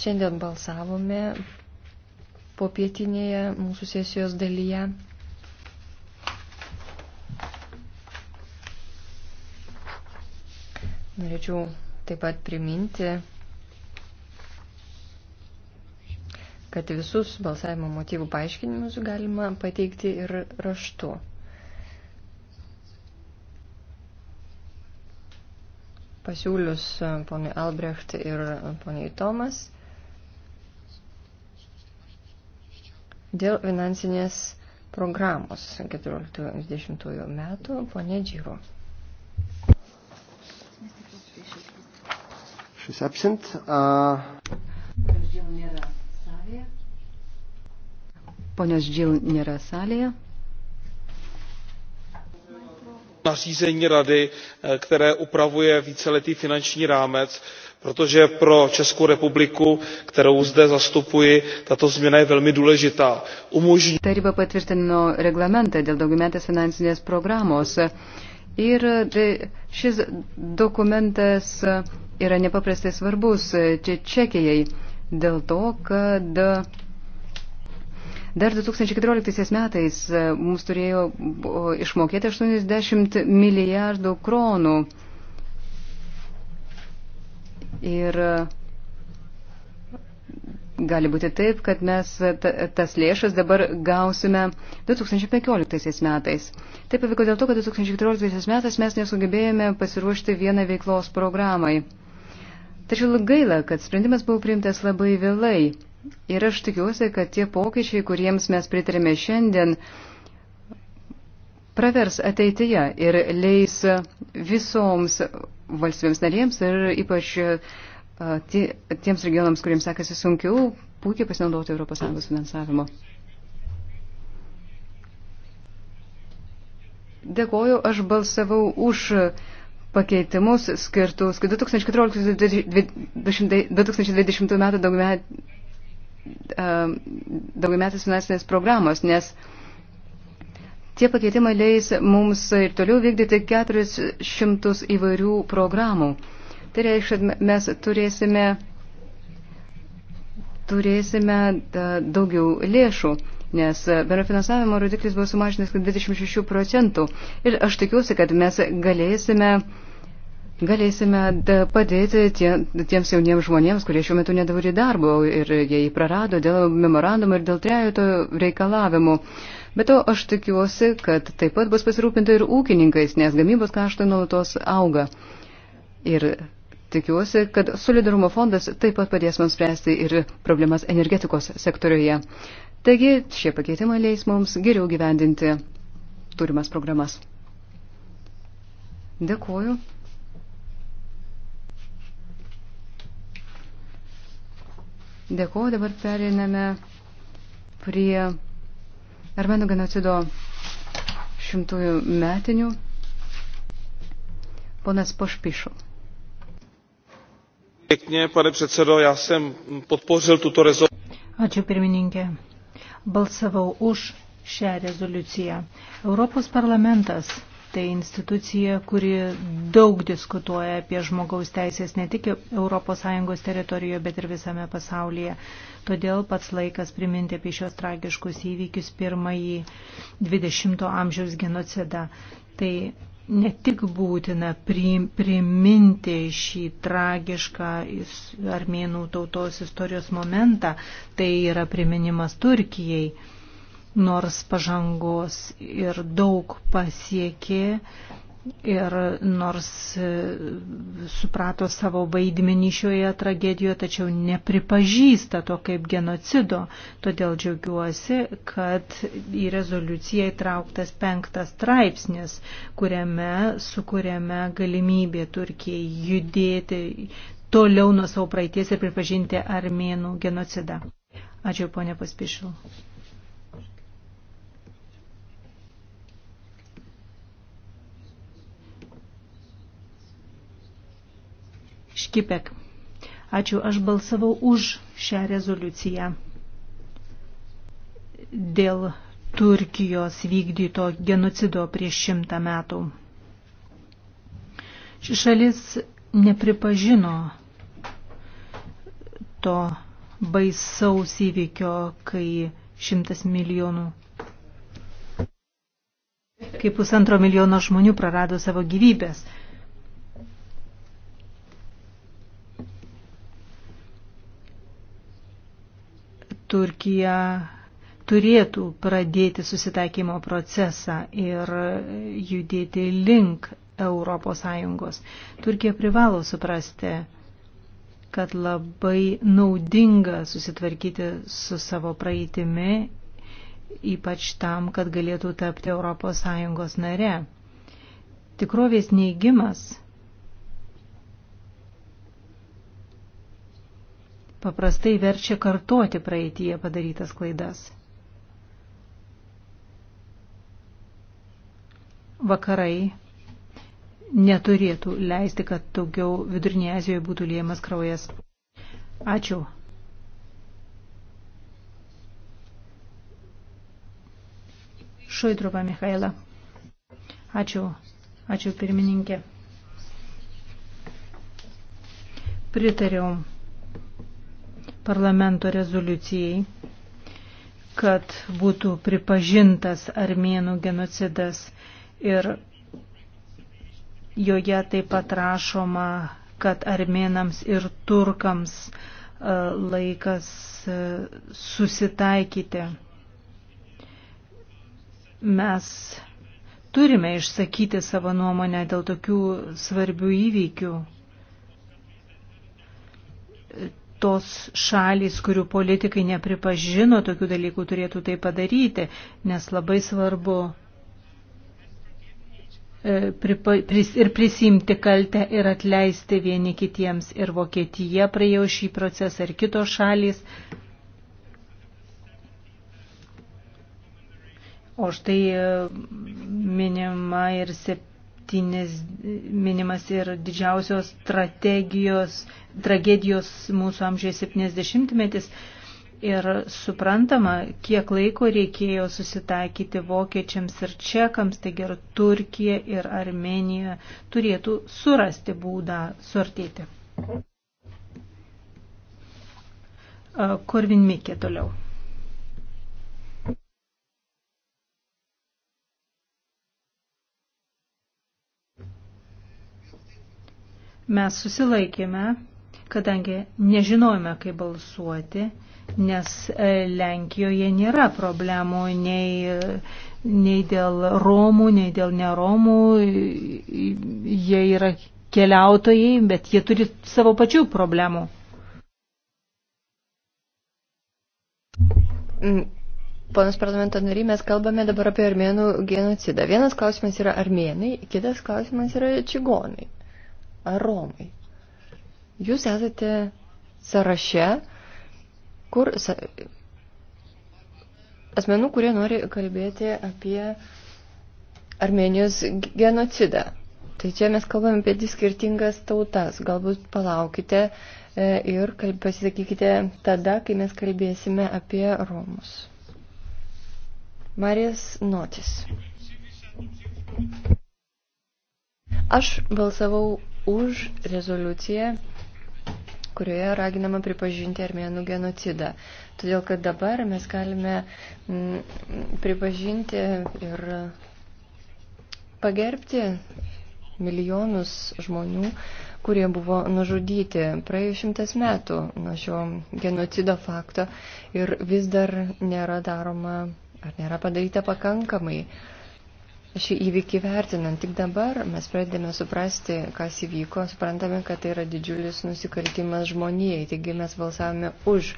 Šiandien balsavome po pietinėje mūsų sesijos dalyje. Norėčiau taip pat priminti, kad visus balsavimo motyvų paaiškinimus galima pateikti ir raštu. pasiūlius poniai Albrecht ir poniai Tomas. dėl finansinės programos 14-20 metų, ponė Džyvo. She's absent. Uh... Ponios Džil nėra salėje. Nařízení rady, eh, které upravuje víceletý finanční rámec, protože pro českou republiku kterou zde zastupuji tato změna je velmi důležitá. Umožní... taryba patvirtino reglamentą dėl daugiametės finansinės programos ir šis dokumentas yra nepaprastai svarbus čekijai dėl to kad Dar 2014 metais mums turėjo išmokėti 80 milijardų kronų Ir e, gali būti taip, kad mes tas lėšas dabar gausime 2015 metais. Taip pavyko dėl to, kad 2014 metais mes nesugebėjome pasiruošti vieną veiklos programai. Tačiau gaila, kad sprendimas buvo priimtas labai vėlai. Ir aš tikiuosi, kad tie pokyčiai, kuriems mes pritarėme šiandien, pravers ateityje ir leis visoms valstybėms narėms ir ypač e, tiems regionams, kuriems sekasi sunkiau, puikiai pasinaudoti ES finansavimo. Dėkoju, aš balsavau už pakeitimus skirtus 2014-2020 metų e, daugiametės finansinės programos, nes Tie pakeitimai leis mums ir toliau vykdyti 400 įvairių programų. Tai reiškia, kad mes turėsime, turėsime daugiau lėšų, nes bendro finansavimo rodiklis buvo sumažinęs 26 procentų. Ir aš tikiuosi, kad mes galėsime, galėsime padėti tie, tiems jauniems žmonėms, kurie šiuo metu nedavori darbo ir jie jį prarado dėl memorandumo ir dėl trejoto reikalavimų. Uh, Bet to aš tikiuosi, kad taip pat bus pasirūpinta ir ūkininkais, nes gamybos kaštai nuolatos auga. Ir tikiuosi, kad solidarumo fondas taip pat padės mums spręsti ir problemas energetikos sektoriuje. Taigi šie pakeitimai leis mums geriau gyvendinti turimas programas. Dėkuoju. Dėkuoju, dabar periname prie Armenų genocido šimtųjų metinių. Ponas Pošpišo. Pěkně, pane předsedo, já jsem podpořil tuto rezoluci. Ačiū pirmininkė. Balsavau už šią rezoliuciją. Europos parlamentas Tai institucija, kuri daug diskutuoja apie žmogaus teisės ne tik ES teritorijoje, bet ir visame pasaulyje. Todėl pats laikas priminti apie šios tragiškus įvykius pirmąjį 20-ojo amžiaus genocidą. Tai ne tik būtina priminti šį tragišką armėnų tautos istorijos momentą, tai yra priminimas Turkijai nors pažangos ir daug pasiekė ir nors e, suprato savo vaidmenį šioje tragedijoje, tačiau nepripažįsta to kaip genocido. Todėl džiaugiuosi, kad į rezoliuciją įtrauktas penktas straipsnis, kuriame sukūrėme galimybę Turkijai judėti toliau nuo savo praeities ir pripažinti armėnų genocidą. Ačiū, ponė Paspišil. Škipek. Ačiū, aš balsavau už šią rezoliuciją dėl Turkijos vykdyto genocido prieš šimtą metų. Ši šalis nepripažino to baisaus įvykio, kai šimtas milijonų, kai pusantro milijono žmonių prarado savo gyvybės. Turkija turėtų pradėti susitaikymo procesą ir judėti link ES. Turkija privalo suprasti, kad labai naudinga susitvarkyti su savo praeitimi, ypač tam, kad galėtų tapti ES nare. Tikrovės neigimas paprastai verčia kartoti praeitie padarytas klaidas. Vakarai neturėtų leisti, kad daugiau vidurinėje Azijoje būtų liejamas kraujas. Ačiū. Šoidrupa Michaela. Ačiū. Ačiū pirmininkė. Pritariau parlamento rezoliucijai, kad būtų pripažintas armėnų genocidas ir joje taip pat rašoma, kad armėnams ir turkams e, laikas e, susitaikyti. Mes turime išsakyti savo nuomonę dėl tokių svarbių įvykių tos šalys, kurių politikai nepripažino tokių dalykų, turėtų tai padaryti, nes labai svarbu e, ir prisimti kaltę ir atleisti vieni kitiems. Ir Vokietija praėjo šį procesą, ir kitos šalys. O štai e, minima ir 7 lenktynės minimas ir didžiausios strategijos, tragedijos mūsų amžiuje 70-metis. Ir suprantama, kiek laiko reikėjo susitaikyti vokiečiams ir čekams, taigi ir Turkija ir Armenija turėtų surasti būdą suartėti. Korvin Mikė toliau. Mes susilaikėme, kadangi nežinojome, kaip balsuoti, nes e, Lenkijoje nėra problemų nei, nei dėl Romų, nei dėl neromų. Jie yra keliautojai, bet jie turi savo pačių problemų. Mm, ponas parlamento nariai, mes kalbame dabar apie armėnų genocidą. Vienas klausimas yra armėnai, kitas klausimas yra čigonai ar Romai. Jūs esate sąraše, kur sa, asmenų, kurie nori kalbėti apie Armenijos genocidą. Tai čia mes kalbame apie skirtingas tautas. Galbūt palaukite e, ir pasisakykite tada, kai mes kalbėsime apie Romus. Marijas Notis. Aš balsavau už rezoliuciją, kurioje raginama pripažinti armėnų genocidą. Todėl, kad dabar mes galime mm, pripažinti ir pagerbti milijonus žmonių, kurie buvo nužudyti praėjus šimtas metų nuo šio genocido fakto ir vis dar nėra daroma ar nėra padaryta pakankamai. Uh, šį įvykį vertinant. Tik dabar mes pradedame suprasti, kas įvyko, suprantame, kad tai yra didžiulis nusikaltimas žmonijai. Taigi mes balsavome už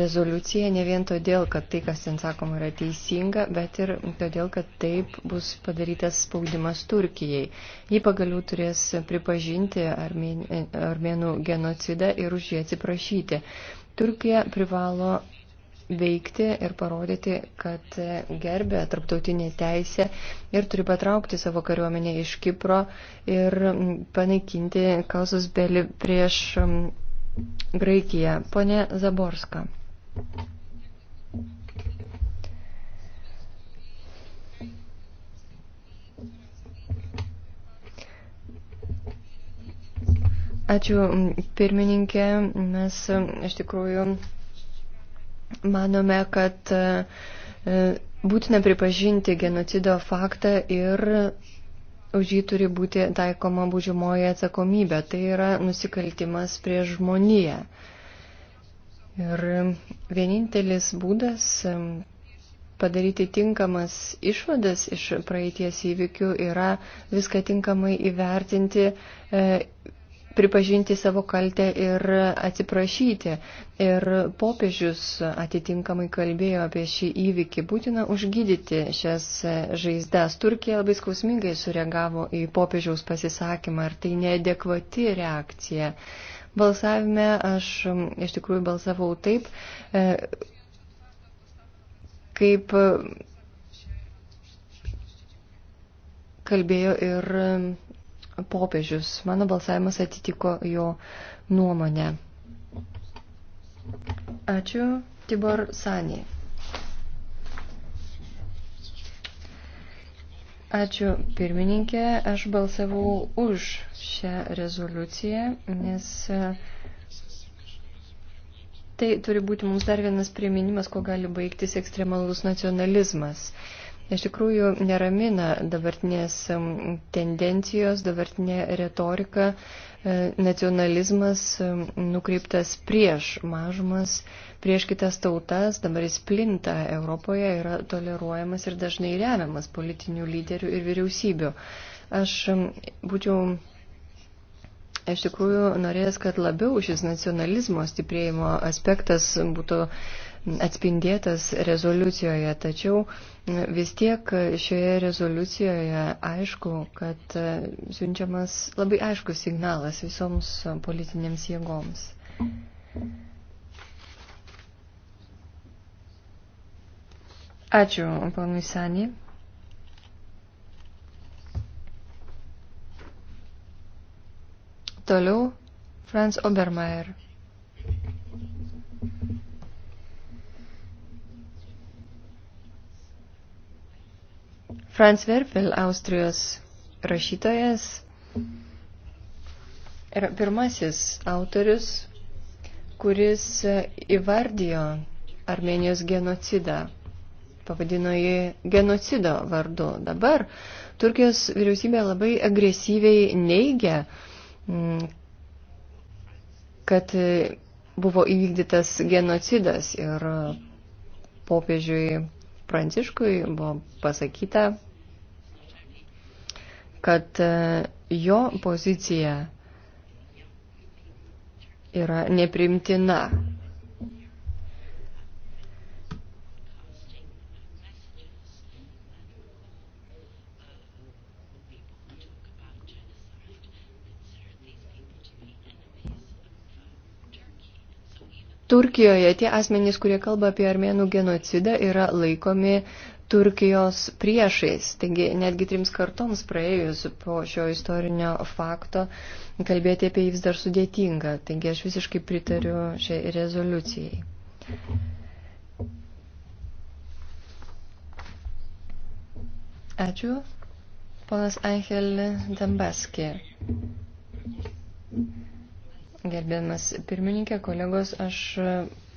rezoliuciją ne vien todėl, kad tai, kas ten sakoma, yra teisinga, bet ir todėl, kad taip bus padarytas spaudimas Turkijai. Ji pagaliau turės pripažinti armėnų genocidą ir už jį atsiprašyti. Turkija privalo veikti ir parodyti, kad gerbė tarptautinė teisė ir turi patraukti savo kariuomenę iš Kipro ir panaikinti kausus belį prieš um, Graikiją. Pone Zaborska. Ačiū pirmininkė, mes iš tikrųjų Manome, kad e, e, būtina pripažinti genocido faktą ir už jį turi būti taikoma būžimoji atsakomybė. Tai yra nusikaltimas prieš žmoniją. Ir vienintelis būdas e, padaryti tinkamas išvadas iš praeities įvykių yra viską tinkamai įvertinti, pripažinti savo kaltę ir atsiprašyti. Ir popiežius atitinkamai kalbėjo apie šį įvykį. Būtina užgydyti šias žaizdas. Turkija labai skausmingai sureagavo į popiežiaus pasisakymą ir tai neadekvati reakcija. Balsavime aš iš tikrųjų balsavau taip, e, kaip kalbėjo ir popiežius. Mano balsavimas atitiko jo nuomonę. Ačiū, Tibor Sanį. Ačiū pirmininkė, aš balsavau už šią rezoliuciją, nes e, tai turi būti mums dar vienas priminimas, ko gali baigtis ekstremalus nacionalizmas. Uh, Iš tikrųjų neramina dabartinės tendencijos, dabartinė retorika, e, nacionalizmas nukreiptas prieš mažumas, prieš kitas tautas, dabar jis plinta Europoje, yra toleruojamas ir dažnai remiamas politinių lyderių ir vyriausybių. Aš būčiau iš tikrųjų norėjęs, kad labiau šis nacionalizmo stiprėjimo aspektas būtų atspindėtas rezoliucijoje, tačiau vis tiek šioje rezoliucijoje aišku, kad e, siunčiamas labai aiškus signalas visoms politinėms jėgoms. Ačiū, panui Sanį. Toliau Franz Obermeier. Franz Verpil, Austrijos rašytojas, yra pirmasis autorius, kuris įvardijo Armenijos genocidą. Pavadino jį genocido vardu. Dabar Turkijos vyriausybė labai agresyviai neigia, mm, kad buvo įvykdytas genocidas ir popiežiui Pranciškui buvo pasakyta, kad e, jo pozicija yra neprimtina Turkijoje tie asmenys, kurie kalba apie armėnų genocidą, yra laikomi Turkijos priešais. Taigi netgi trims kartoms praėjus po šio istorinio fakto kalbėti apie jį vis dar sudėtinga. Taigi aš visiškai pritariu šiai rezoliucijai. Ačiū. Ponas Angel Dambaskė. Gerbiamas pirmininkė, kolegos, aš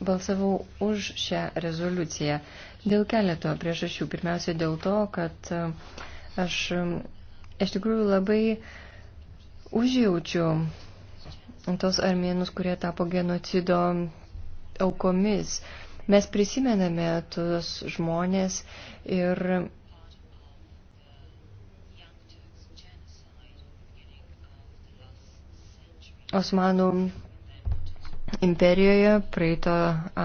balsavau už šią rezoliuciją dėl keleto priežasčių. Pirmiausia, dėl to, kad e, aš e, iš tikrųjų labai užjaučiu tos armėnus, kurie tapo genocido aukomis. Mes prisimename tuos žmonės ir Osmanų imperijoje praeito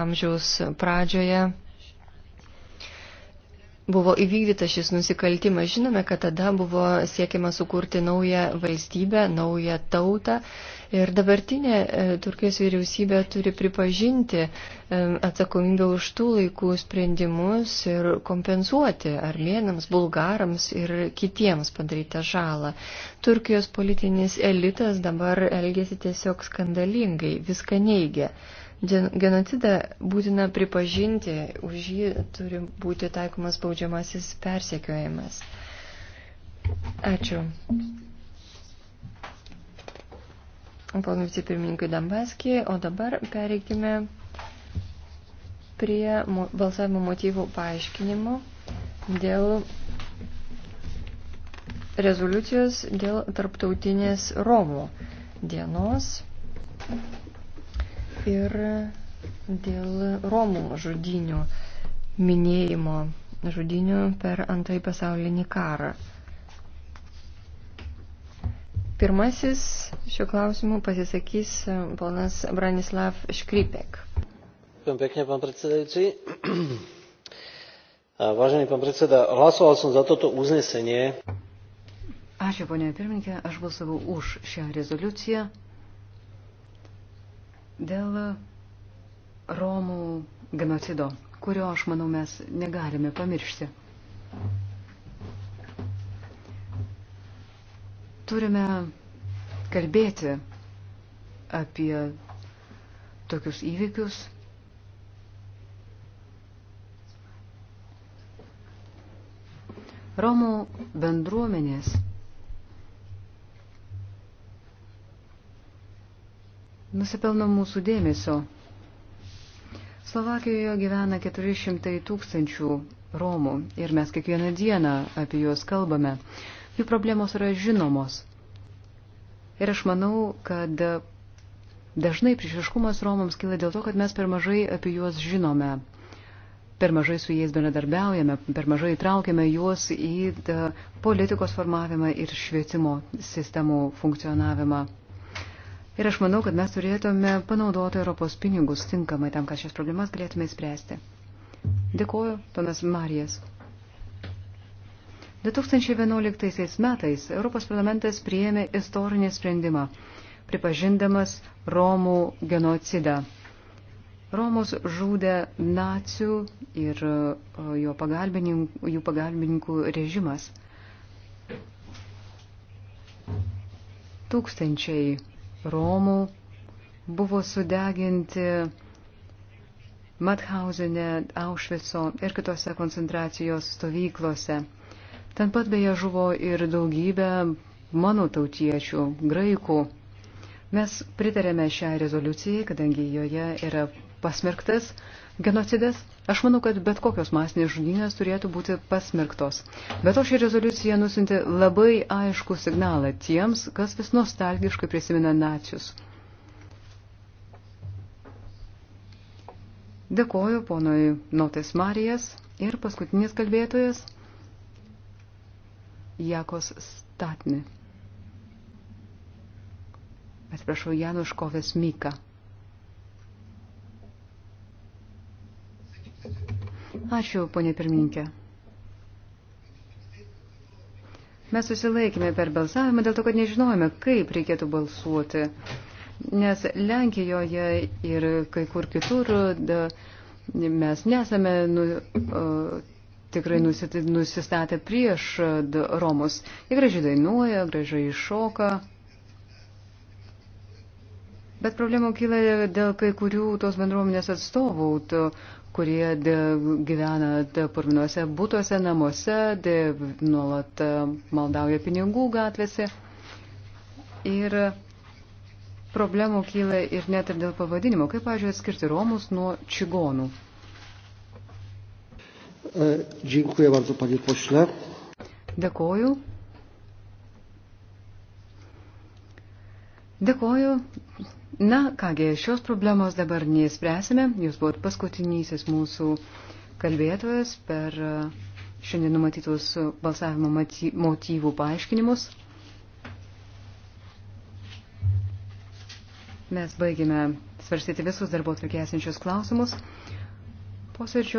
amžiaus pradžioje buvo įvykdytas šis nusikaltimas. Žinome, kad tada buvo siekiama sukurti naują valstybę, naują tautą. Ir dabartinė e, Turkijos vyriausybė turi pripažinti e, atsakomybę už tų laikų sprendimus ir kompensuoti armėnams, bulgarams ir kitiems padarytą žalą. Turkijos politinis elitas dabar elgesi tiesiog skandalingai, viską neigia. Genocidą būtina pripažinti, už jį turi būti taikomas baudžiamasis persekiojimas. Ačiū. Pono vicepirmininkui Dambaskį, o dabar pereikime prie balsavimo motyvų paaiškinimo dėl rezoliucijos dėl tarptautinės Romų dienos ir dėl Romų žudinių minėjimo žudinių per antrąjį pasaulinį karą. Pirmasis šiuo klausimu pasisakys ponas Branislav Škripek. Pekne, pán predsedajúci. Vážený pán predseda, hlasoval som za toto uznesenie. Ačiū, ponia pirmininkė, aš balsavau už šią rezoliuciją. Dėl Romų genocido, kurio, aš manau, mes negalime pamiršti. Turime kalbėti apie tokius įvykius, Romų bendruomenės nusipelno mūsų dėmesio. Slovakijoje gyvena 400 tūkstančių Romų ir mes kiekvieną dieną apie juos kalbame. Jų problemos yra žinomos. Ir aš manau, kad dažnai priešiškumas Romams kyla dėl to, kad mes per mažai apie juos žinome. Per mažai su jais bendradarbiaujame, per mažai traukiame juos į politikos formavimą ir švietimo sistemų funkcionavimą. Ir aš manau, kad mes turėtume panaudoti Europos pinigus tinkamai tam, kad šias problemas galėtume spręsti. Dėkuoju, panas Marijas. 2011 metais Europos parlamentas priėmė istorinį sprendimą, pripažindamas Romų genocidą. Romus žudė nacių ir jo pagalbininkų, jų pagalbininkų režimas. Tūkstančiai Romų buvo sudeginti Mathausene, Aušvico ir kitose koncentracijos stovyklose. Ten pat beje žuvo ir daugybė mano tautiečių, graikų. Mes pritarėme šią rezoliuciją, kadangi joje yra pasmerktas genocidas. Aš manau, kad bet kokios masinės žudynės turėtų būti pasmerktos. Bet o ši rezoliucija nusinti labai aišku signalą tiems, kas vis nostalgiškai prisimena nacius. Dėkoju ponui Notis Marijas ir paskutinis kalbėtojas Jakos Statni. Atsiprašau, Januškovės Mika. Ačiū, ponė pirmininkė. Mes susilaikėme per balsavimą dėl to, kad nežinojame, kaip reikėtų balsuoti. Nes Lenkijoje ir kai kur kitur da, mes nesame nu, o, tikrai nusistatę prieš da, Romus. Jie gražiai dainuoja, gražiai iššoka. Bet problemų kyla dėl kai kurių tos bendruomenės atstovų, to, kurie de, gyvena purvinuose būtuose, namuose, de, nuolat e, maldauja pinigų gatvėse. Ir problemų kyla ir net ir dėl pavadinimo. Kaip, pažiūrėjau, atskirti Romus nuo čigonų? E, dziękuję bardzo, panie pośle. Dėkoju. Dėkoju. Na, kągi, šios problemos dabar nespręsime. Jūs buvot paskutinysis mūsų kalbėtojas per e, šiandien numatytus balsavimo motyvų paaiškinimus. Mes baigėme svarstyti visus darbo atvirkėsinčius klausimus. Posėdžio